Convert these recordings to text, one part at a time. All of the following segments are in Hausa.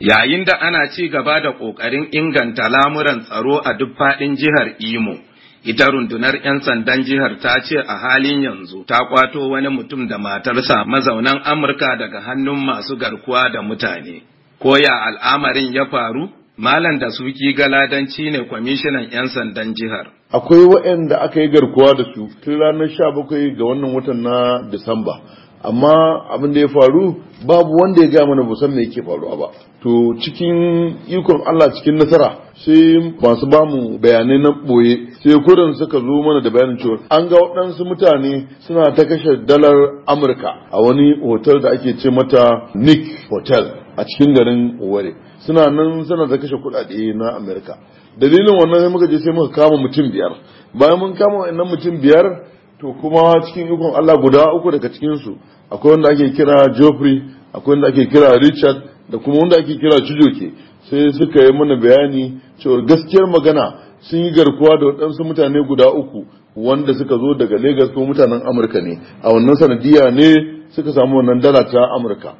Yayin da ana ci gaba da ƙoƙarin inganta lamuran tsaro a duk faɗin jihar Imo, ita rundunar 'yan sandan jihar ta ce a halin yanzu ta kwato wani mutum da matarsa mazaunan Amurka daga hannun masu garkuwa da mutane. Koya al'amarin ya faru, Malam da suki galadanci ne kwamishinan 'yan sandan jihar. Akwai waɗanda aka yi garkuwa da su tun ranar 17 ga wannan watan na Disamba. amma abin da ya faru babu wanda ya gaya mana ba san me yake faruwa ba to cikin ikon Allah cikin nasara sai masu bamu bayanai na boye sai kudin suka zo mana da bayanin cewa an ga waɗansu mutane suna ta kashe dalar Amurka a wani hotel da ake ce mata Nick Hotel a cikin garin ware suna nan suna ta kashe kuɗaɗe na Amurka dalilin wannan sai muka je sai muka kama mutum biyar bayan mun kama wannan mutum biyar to kuma cikin ikon Allah guda uku daga cikinsu akwai wanda ake kira Geoffrey akwai wanda ake kira Richard da kuma wanda ake kira Cijoke sai suka yi mana bayani cewa gaskiyar magana sun yi garkuwa da waɗansu mutane guda uku wanda suka zo daga Legas ko mutanen Amurka ne a wannan sanadiyya ne suka samu wannan dala ta Amurka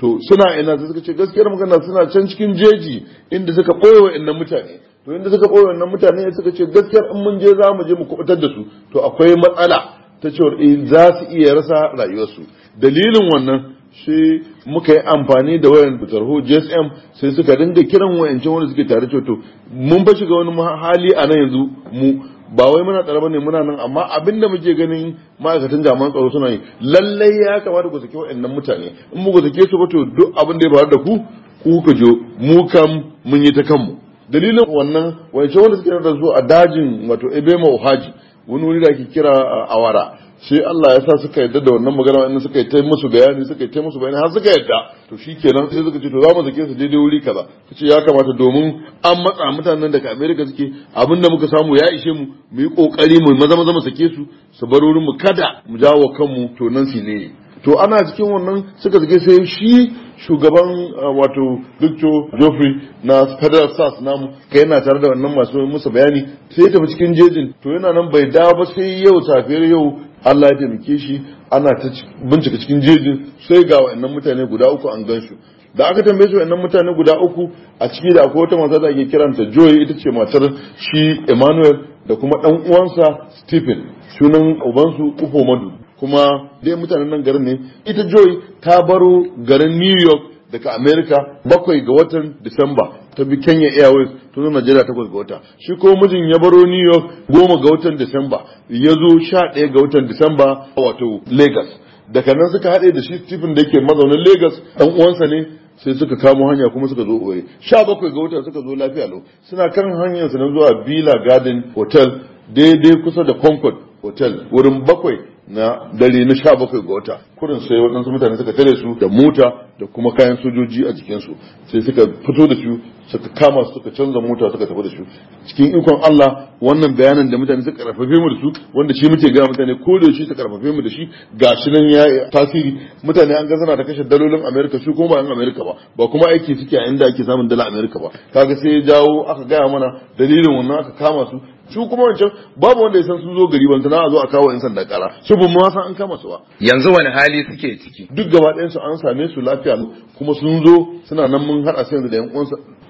to suna ina suka ce gaskiyar magana suna can cikin jeji inda suka ɓoye wa mutane to inda suka koyi wannan mutane suka ce gaskiyar in mun je za mu je mu kubutar da su to akwai matsala ta in eh, za su iya rasa rayuwarsu dalilin wannan shi muka yi amfani da wayan tarho gsm sai suka dinga kiran wayancin wanda suke tare cewa to mun ba shiga wani hali a nan yanzu mu ba wai muna tsare ne muna nan amma abinda muke ganin ma'aikatan jami'an tsaro suna yi lallai ya kamata ku saki wayannan mutane in mu sake su ba to duk abin da ya faru da ku ku ka jo mu kam mun yi ta kanmu dalilin wannan wance wanda suke da su a dajin wato ebema ohaji wani wuri da ake kira uh, awara sai Allah ya sa suka yadda da wannan magana wannan suka yi ta musu bayani suka yi ta musu bayani har suka yadda to shi kenan sai suka ce to za mu zake su daidai wuri kaza ce ya kamata domin an matsa mutanen daga Amerika suke abin da muka samu ya ishe mu mu yi kokari mu maza maza mu sake su su bar wurin mu kada mu jawo kanmu to nan su ne to ana cikin wannan suka zage sai shi shugaban ah, wato Victor joffrey na federal sars namu kai yana tare da wannan masu musa bayani sai tafi cikin jejin to yana nan bai dawo ba sai yau safiyar yau allah ya taimake shi ana ta bincika cikin jejin sai ga wa'annan mutane guda uku an gan shi da aka tambaye su wa'annan mutane guda uku a ciki da akwai wata mata da ake kiranta joy ita ce matar shi emmanuel da kuma dan uwansa stephen sunan ubansu ufo madu kuma dai mutanen nan garin ne ita joy ta baro garin new york daga america bakwai ga watan disamba ta bi kenya airways ta zo najeriya takwas ga wata shi ko mijin ya baro new york goma ga watan disamba ya zo sha ɗaya ga watan disamba wato lagos daga nan suka haɗe da shi stephen da yake mazaunin lagos ɗan uwansa ne sai suka kamo hanya kuma suka zo oye sha bakwai ga wata suka zo lafiya lau suna kan hanyar su na zuwa Villa garden hotel daidai kusa da concord hotel wurin bakwai na dare na sha bakwai ga wata kurin sai waɗansu mutane suka tare su da mota da kuma kayan sojoji a jikinsu sai suka fito da su suka kama su suka canza mota suka tafi da su cikin ikon Allah wannan bayanan da mutane suka karfafe mu da su wanda shi muke gaya mutane ko da shi suka karfafe mu da shi Ga shi nan ya tasiri mutane an ga suna da kashe dalolin America su kuma ba yan America ba ba kuma aiki suke a inda ake samun dala America ba kaga sai ya jawo aka gaya mana dalilin wannan aka kama su su kuma wancan babu wanda ya san sun zo gari wanzu na a zo a kawo insan da kara su bu ma san an kama su ba yanzu wani hali suke ciki duk gaba ɗayan su an same su lafiya kuma sun zo suna nan mun haɗa su yanzu da yan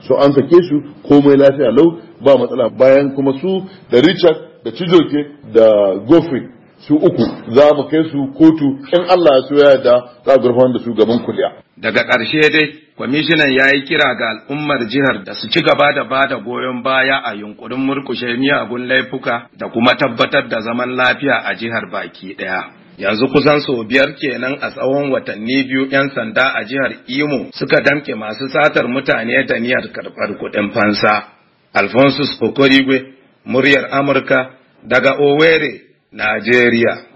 su an sake su komai lafiya lau ba matsala bayan kuma su da Richard da Chijoke da Goffrey su uku za mu kai su kotu in Allah ya so ya yarda za a gurfan da su gaban kuliya daga ƙarshe dai kwamishinan ya yi kira ga al'ummar jihar da su ci gaba da ba da goyon baya a yunkurin murkushe miyagun laifuka da kuma tabbatar da zaman lafiya a jihar baki ɗaya. Yanzu kusan sau biyar kenan a tsawon watanni biyu 'yan sanda a jihar Imo suka damke masu satar mutane da niyyar karɓar kuɗin fansa. Alphonsus Okorigwe, muryar Amurka, daga Owerri, Najeriya.